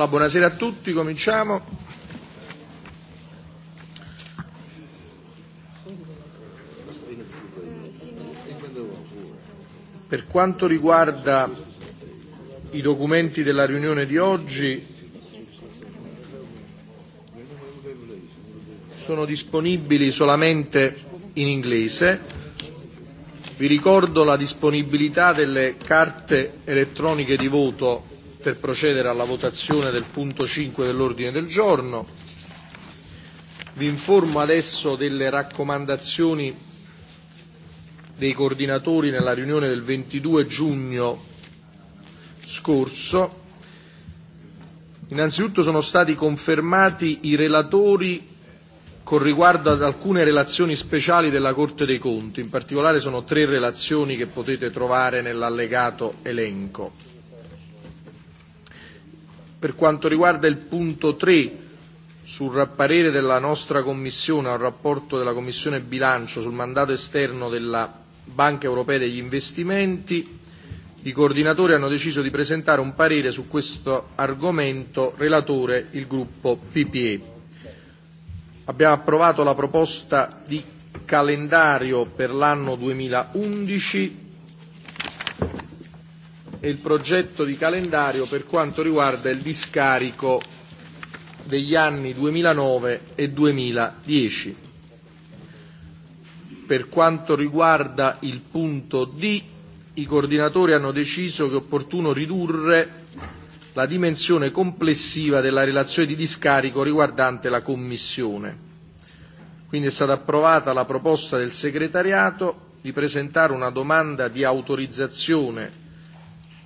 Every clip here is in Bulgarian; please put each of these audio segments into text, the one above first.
Allora, buonasera a tutti, cominciamo. Per quanto riguarda i documenti della riunione di oggi, sono disponibili solamente in inglese. Vi ricordo la disponibilità delle carte elettroniche di voto per procedere alla votazione del punto 5 dell'ordine del giorno. Vi informo adesso delle raccomandazioni dei coordinatori nella riunione del 22 giugno scorso. Innanzitutto sono stati confermati i relatori con riguardo ad alcune relazioni speciali della Corte dei Conti, in particolare sono tre relazioni che potete trovare nell'allegato elenco. Per quanto riguarda il punto 3 sul parere della nostra Commissione al rapporto della Commissione bilancio sul mandato esterno della Banca europea degli investimenti, i coordinatori hanno deciso di presentare un parere su questo argomento relatore il gruppo PPE. Abbiamo approvato la proposta di calendario per l'anno 2011 e il progetto di calendario per quanto riguarda il discarico degli anni 2009 e 2010. Per quanto riguarda il punto D, i coordinatori hanno deciso che è opportuno ridurre la dimensione complessiva della relazione di discarico riguardante la Commissione. Quindi è stata approvata la proposta del segretariato di presentare una domanda di autorizzazione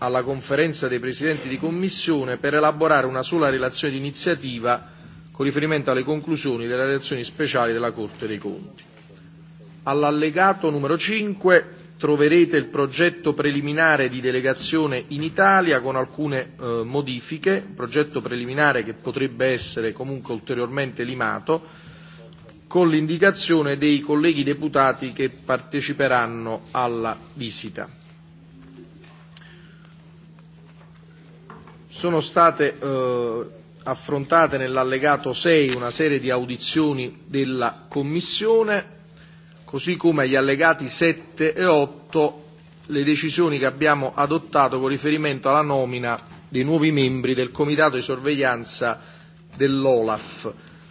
alla conferenza dei presidenti di commissione per elaborare una sola relazione d'iniziativa con riferimento alle conclusioni delle relazioni speciali della Corte dei Conti. All'allegato numero 5 troverete il progetto preliminare di delegazione in Italia con alcune eh, modifiche, progetto preliminare che potrebbe essere comunque ulteriormente limato, con l'indicazione dei colleghi deputati che parteciperanno alla visita. Sono state eh, affrontate nell'allegato 6 una serie di audizioni della Commissione, così come agli allegati 7 e 8 le decisioni che abbiamo adottato con riferimento alla nomina dei nuovi membri del Comitato di sorveglianza dell'Olaf.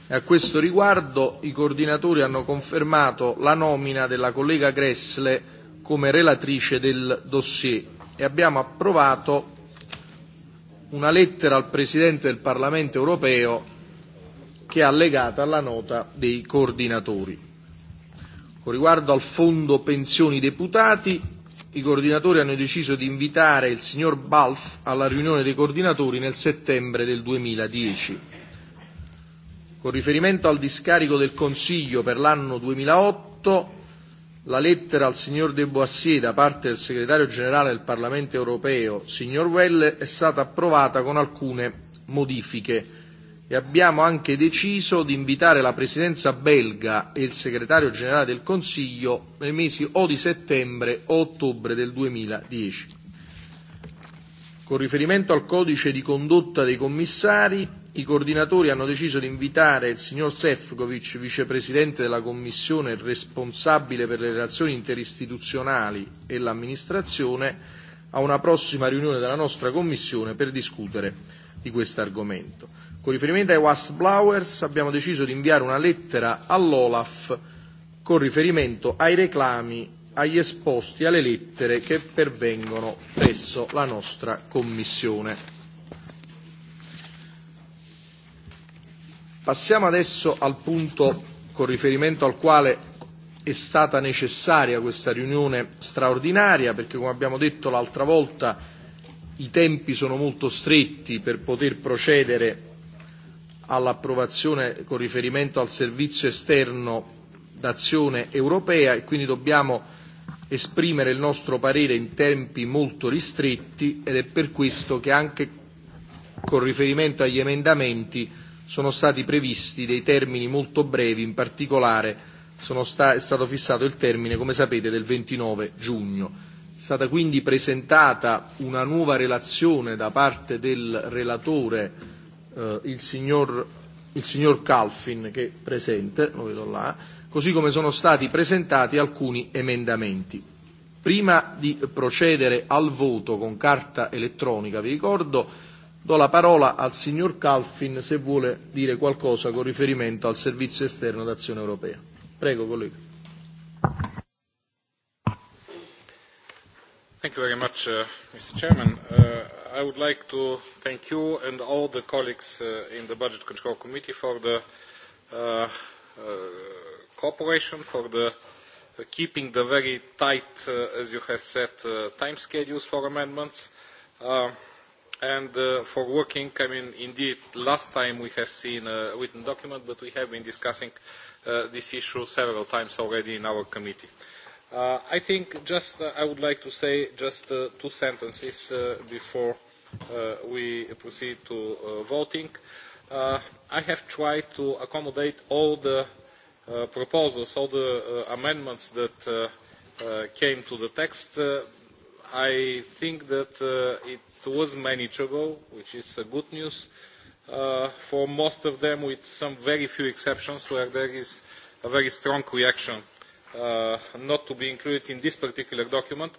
A questo riguardo i coordinatori hanno confermato la nomina della collega Gressle come relatrice del dossier e abbiamo approvato una lettera al Presidente del Parlamento europeo che è allegata alla nota dei coordinatori. Con riguardo al fondo pensioni deputati, i coordinatori hanno deciso di invitare il signor Balf alla riunione dei coordinatori nel settembre del 2010. Con riferimento al discarico del Consiglio per l'anno 2008, la lettera al signor De Boissier da parte del segretario generale del Parlamento europeo, signor Welle, è stata approvata con alcune modifiche e abbiamo anche deciso di invitare la Presidenza belga e il segretario generale del Consiglio nei mesi o di settembre o ottobre del 2010. Con riferimento al codice di condotta dei commissari, i coordinatori hanno deciso di invitare il signor Sefcovic, vicepresidente della Commissione responsabile per le relazioni interistituzionali e l'amministrazione, a una prossima riunione della nostra Commissione per discutere di questo argomento. Con riferimento ai wasblowers abbiamo deciso di inviare una lettera all'Olaf con riferimento ai reclami agli esposti alle lettere che pervengono presso la nostra Commissione. Passiamo adesso al punto con riferimento al quale è stata necessaria questa riunione straordinaria perché, come abbiamo detto l'altra volta, i tempi sono molto stretti per poter procedere all'approvazione con riferimento al servizio esterno d'azione europea e quindi dobbiamo esprimere il nostro parere in tempi molto ristretti ed è per questo che anche con riferimento agli emendamenti sono stati previsti dei termini molto brevi, in particolare sono sta- è stato fissato il termine, come sapete, del 29 giugno. È stata quindi presentata una nuova relazione da parte del relatore, eh, il, signor, il signor Calfin, che è presente, lo vedo là, così come sono stati presentati alcuni emendamenti. Prima di procedere al voto con carta elettronica, vi ricordo Do la parola al signor Calfin se vuole dire qualcosa con riferimento al servizio esterno d'azione europea. Prego, collega. Thank you very much, uh, Mr. Chairman. Uh, I would like to thank you and all the colleagues uh, in the Budget Control Committee for the uh, uh, cooperation, for the uh, keeping the very tight, uh, as you have said, uh, time schedules for amendments. Uh, and uh, for working. I mean, indeed, last time we have seen a written document, but we have been discussing uh, this issue several times already in our committee. Uh, I think just uh, I would like to say just uh, two sentences uh, before uh, we proceed to uh, voting. Uh, I have tried to accommodate all the uh, proposals, all the uh, amendments that uh, uh, came to the text. Uh, I think that it was manageable, which is good news for most of them, with some very few exceptions where there is a very strong reaction not to be included in this particular document,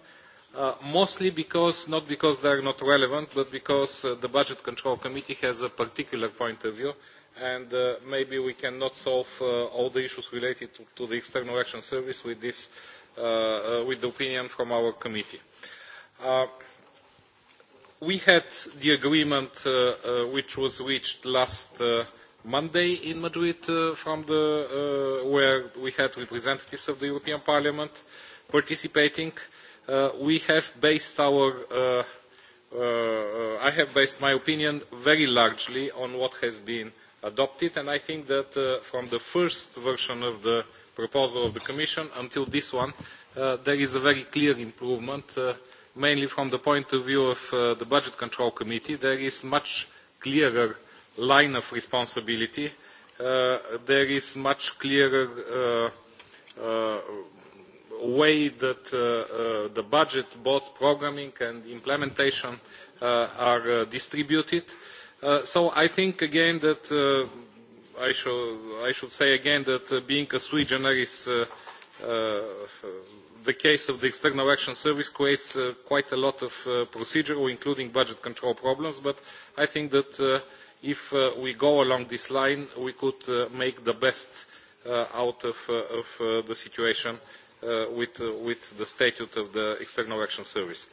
mostly because, not because they are not relevant, but because the Budget Control Committee has a particular point of view and maybe we cannot solve all the issues related to, the External Action Service with this, with the opinion from our committee we had the agreement which was reached last Monday in Madrid, from the, where we had representatives of the European Parliament participating. we have based our, I have based my opinion very largely on what has been adopted, and I think that from the first version of the proposal of the Commission until this one, there is a very clear improvement mainly from the point of view of the Budget Control Committee. There is much clearer line of responsibility. there is much clearer way that the budget, both programming and implementation, are distributed. so I think again that I, should I should say again that being a sui generis the case of the External Action Service creates uh, quite a lot of uh, procedural, including budget control problems, but I think that uh, if uh, we go along this line, we could uh, make the best uh, out of, uh, of uh, the situation uh, with, uh, with the statute of the External Action Service.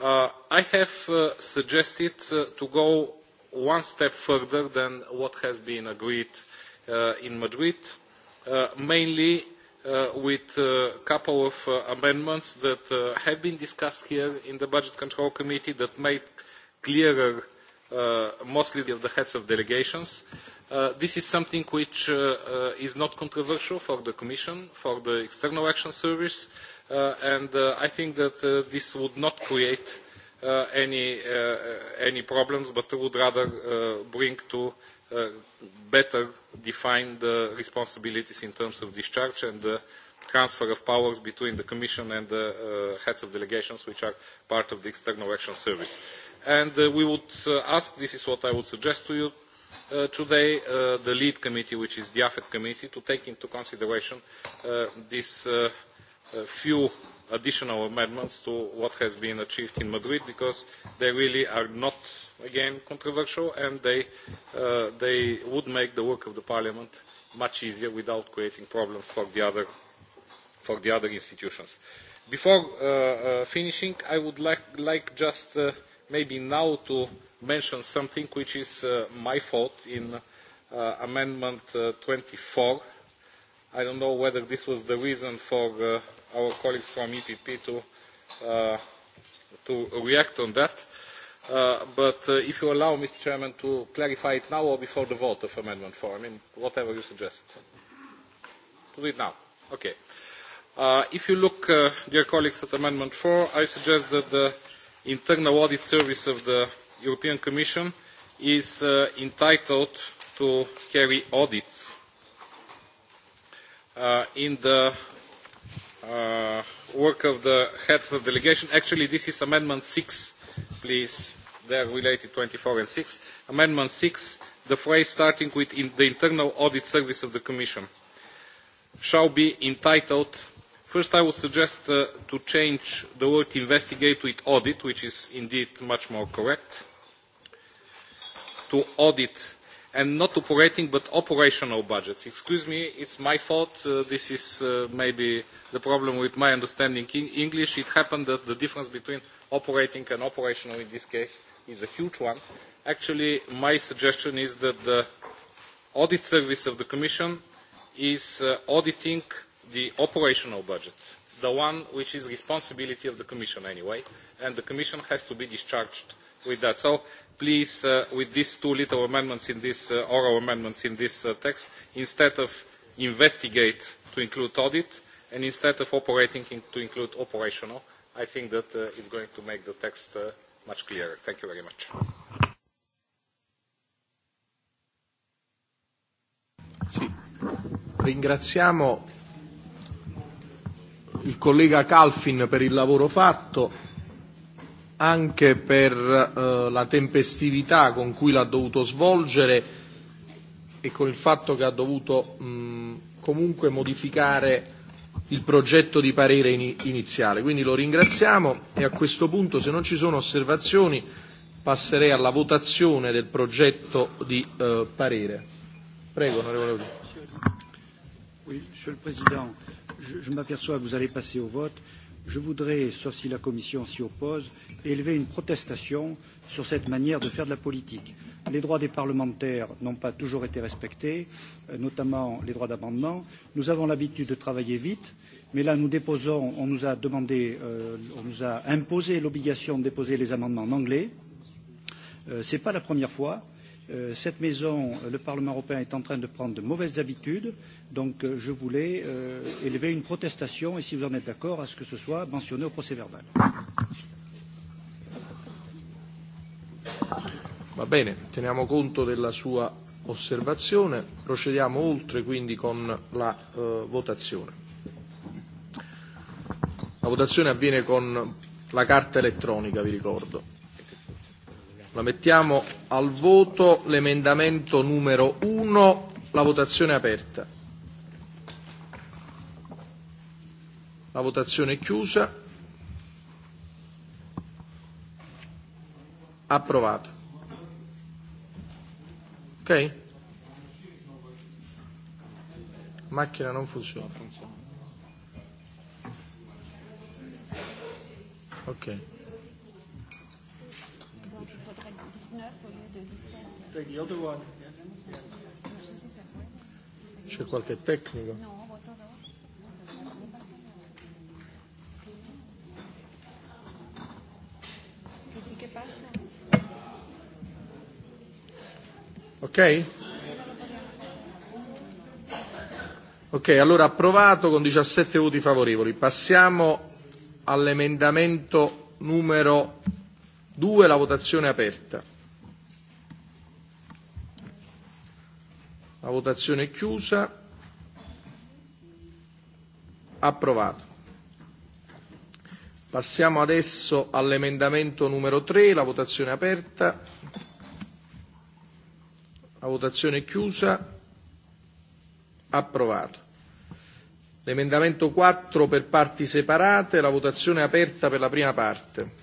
Uh, I have uh, suggested uh, to go one step further than what has been agreed uh, in Madrid, uh, mainly with a couple of amendments that have been discussed here in the Budget Control Committee that made clearer mostly of the heads of delegations. this is something which is not controversial for the Commission, for the External Action Service, and I think that this would not create any problems, but would rather bring to better define the responsibilities in terms of discharge and the transfer of powers between the Commission and the heads of delegations, which are part of the External Action Service. And we would ask, this is what I would suggest to you, today the lead committee, which is the AFET committee, to take into consideration these few additional amendments to what has been achieved in Madrid because they really are not, again, controversial and they, uh, they would make the work of the Parliament much easier without creating problems for the other, for the other institutions. Before uh, uh, finishing, I would like, like just uh, maybe now to mention something which is uh, my fault in uh, Amendment uh, 24 I don't know whether this was the reason for uh, our colleagues from EPP to, uh, to react on that. Uh, but uh, if you allow, Mr. Chairman, to clarify it now or before the vote of Amendment 4, I mean, whatever you suggest. do it now. Okay. Uh, if you look, uh, dear colleagues, at Amendment 4, I suggest that the internal audit service of the European Commission is uh, entitled to carry audits in the work of the heads of delegation. Actually, this is Amendment 6, please. They are related 24 and 6. Amendment 6, the phrase starting with in the internal audit service of the Commission shall be entitled. First, I would suggest uh, to change the word investigate with audit, which is indeed much more correct, to audit and not operating but operational budgets. Excuse me, it's my fault. Uh, this is uh, maybe the problem with my understanding in English. It happened that the difference between operating and operational in this case is a huge one. Actually, my suggestion is that the audit service of the Commission is uh, auditing the operational budget, the one which is responsibility of the Commission anyway, and the Commission has to be discharged uh, with that. So please, with these two little amendments in this, oral amendments in this text, instead of investigate to include audit, and instead of operating to include operational, I think that uh, it's going to make the text much clearer. Thank you very much. Ringraziamo il collega Calfin per il lavoro fatto anche per eh, la tempestività con cui l'ha dovuto svolgere e con il fatto che ha dovuto mh, comunque modificare il progetto di parere in, iniziale. Quindi lo ringraziamo e a questo punto, se non ci sono osservazioni, passerei alla votazione del progetto di eh, parere. Prego, onorevole Oui, Monsieur le Président, je, je m'aperçois que vous allez passer au vote je voudrais, sauf si la Commission s'y oppose, élever une protestation sur cette manière de faire de la politique. Les droits des parlementaires n'ont pas toujours été respectés, notamment les droits d'amendement. Nous avons l'habitude de travailler vite, mais là nous déposons, on nous a demandé, on nous a imposé l'obligation de déposer les amendements en anglais. Ce n'est pas la première fois cette maison, le Parlement européen est en train de prendre de mauvaises habitudes. Donc je voulais élever une protestation et si vous en êtes d'accord, à ce que ce soit mentionné au procès verbal. Va bene, teniamo conto della sua osservazione, procediamo oltre quindi con la eh, votazione. La votazione avviene con la carta elettronica, vi ricordo. La mettiamo al voto l'emendamento numero 1, la votazione è aperta. La votazione è chiusa. Approvato. Ok? Macchina non funziona. Ok. C'è qualche tecnico? Ok? Ok, allora approvato con 17 voti favorevoli. Passiamo all'emendamento numero 2, la votazione aperta. La votazione è chiusa. Approvato. Passiamo adesso all'emendamento numero 3, la votazione è aperta. La votazione è chiusa. Approvato. L'emendamento 4 per parti separate, la votazione è aperta per la prima parte.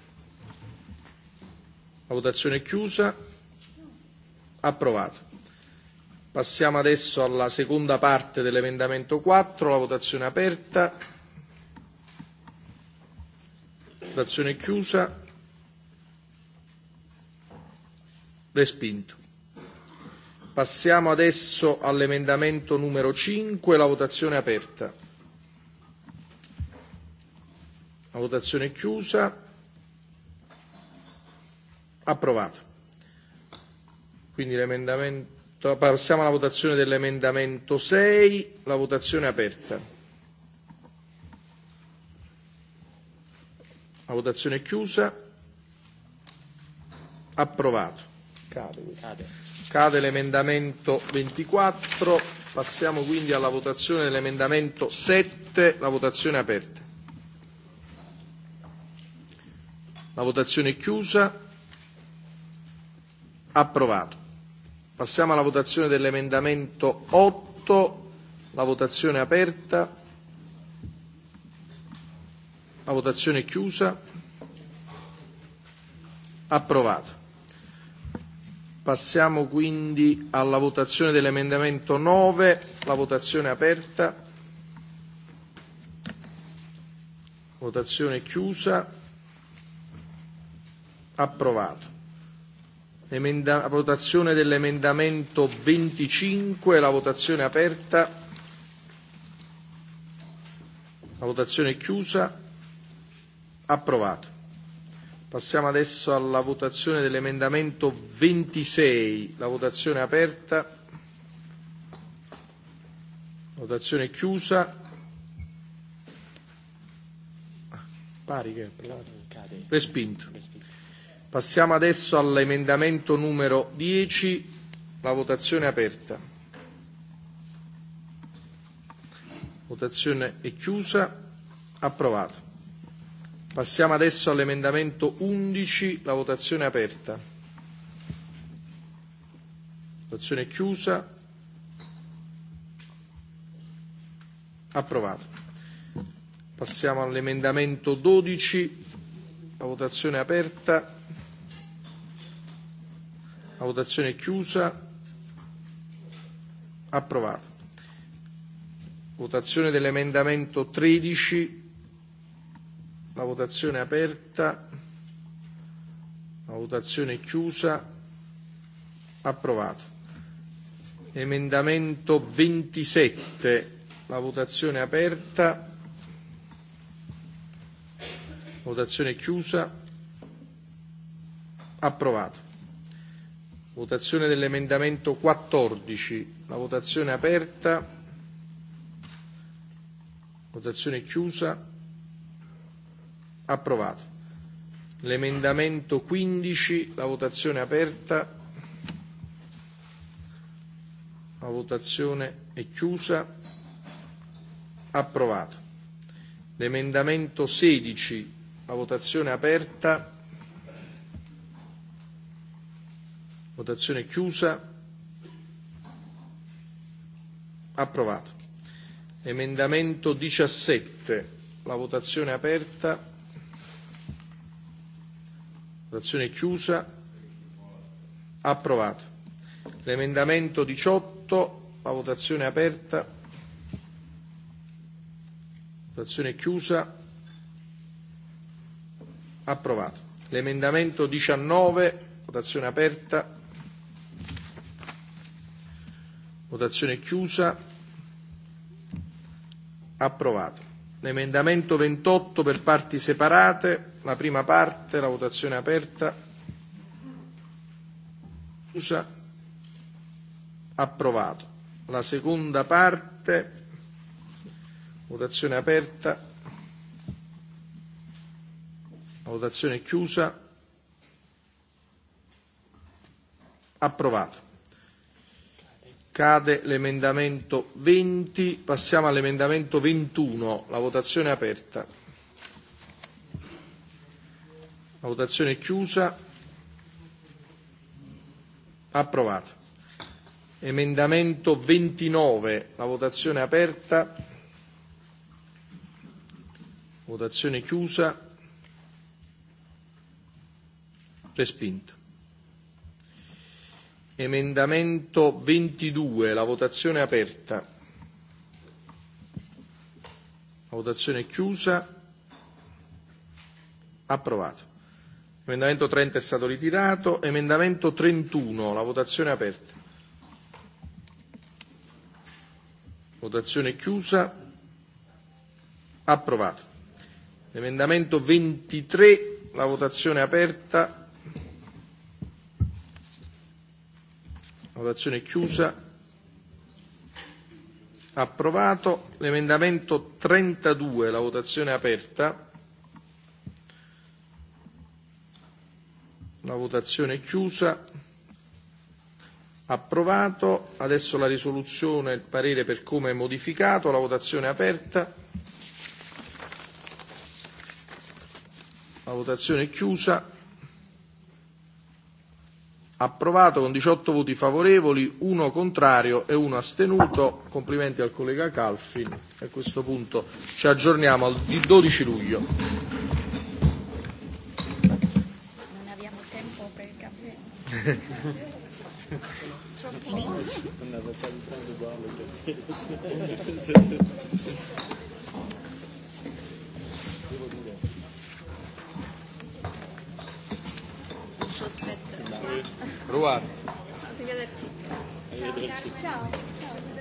La votazione è chiusa. Approvato. Passiamo adesso alla seconda parte dell'emendamento 4, la votazione aperta, votazione chiusa, respinto. Passiamo adesso all'emendamento numero 5, la votazione aperta. La votazione è chiusa. Approvato. Quindi l'emendamento Passiamo alla votazione dell'emendamento 6, la votazione è aperta. La votazione è chiusa. Approvato. Cade, Cade l'emendamento 24. Passiamo quindi alla votazione dell'emendamento 7, la votazione è aperta. La votazione è chiusa. Approvato. Passiamo alla votazione dell'emendamento 8, la votazione è aperta, la votazione è chiusa, approvato. Passiamo quindi alla votazione dell'emendamento 9, la votazione è aperta, votazione è chiusa, approvato. Emenda- votazione dell'emendamento 25, la votazione è aperta. La votazione è chiusa. Approvato. Passiamo adesso alla votazione dell'emendamento 26. La votazione è aperta. Votazione è chiusa. Pari che è respinto. Passiamo adesso all'emendamento numero 10, la votazione è aperta. Votazione è chiusa, approvato. Passiamo adesso all'emendamento 11, la votazione è aperta. Votazione è chiusa, approvato. Passiamo all'emendamento 12, la votazione è aperta. La votazione è chiusa. Approvato. Votazione dell'emendamento 13. La votazione è aperta. La votazione è chiusa. Approvato. Emendamento 27. La votazione è aperta. Votazione chiusa. Approvato. Votazione dell'emendamento 14. La votazione è aperta. Votazione chiusa. Approvato. L'emendamento 15. La votazione è aperta. La votazione è chiusa. Approvato. L'emendamento 16. La votazione è aperta. Votazione chiusa. Approvato. Emendamento 17. La votazione è aperta. Votazione chiusa. Approvato. L'emendamento 18. La votazione è aperta. Votazione chiusa. Approvato. L'emendamento 19. Votazione aperta. Votazione chiusa. Approvato. L'emendamento 28 per parti separate, la prima parte, la votazione aperta. Chiusa. Approvato. La seconda parte, votazione aperta. La votazione chiusa. Approvato. Cade l'emendamento 20, passiamo all'emendamento 21, la votazione è aperta. La votazione è chiusa. Approvato. Emendamento 29, la votazione è aperta. Votazione chiusa. Respinto. Emendamento 22, la votazione è aperta. La votazione è chiusa. Approvato. Emendamento 30 è stato ritirato. Emendamento 31, la votazione è aperta. Votazione chiusa. Approvato. Emendamento 23, la votazione è aperta. Votazione chiusa. Approvato l'emendamento 32, la votazione è aperta. La votazione è chiusa. Approvato. Adesso la risoluzione, il parere per come è modificato, la votazione è aperta. La votazione è chiusa approvato con 18 voti favorevoli, uno contrario e uno astenuto. Complimenti al collega e A questo punto ci aggiorniamo al 12 luglio. Non abbiamo tempo per il caffè. aspetta. Ruar. Arrivederci. Ciao. Ciao.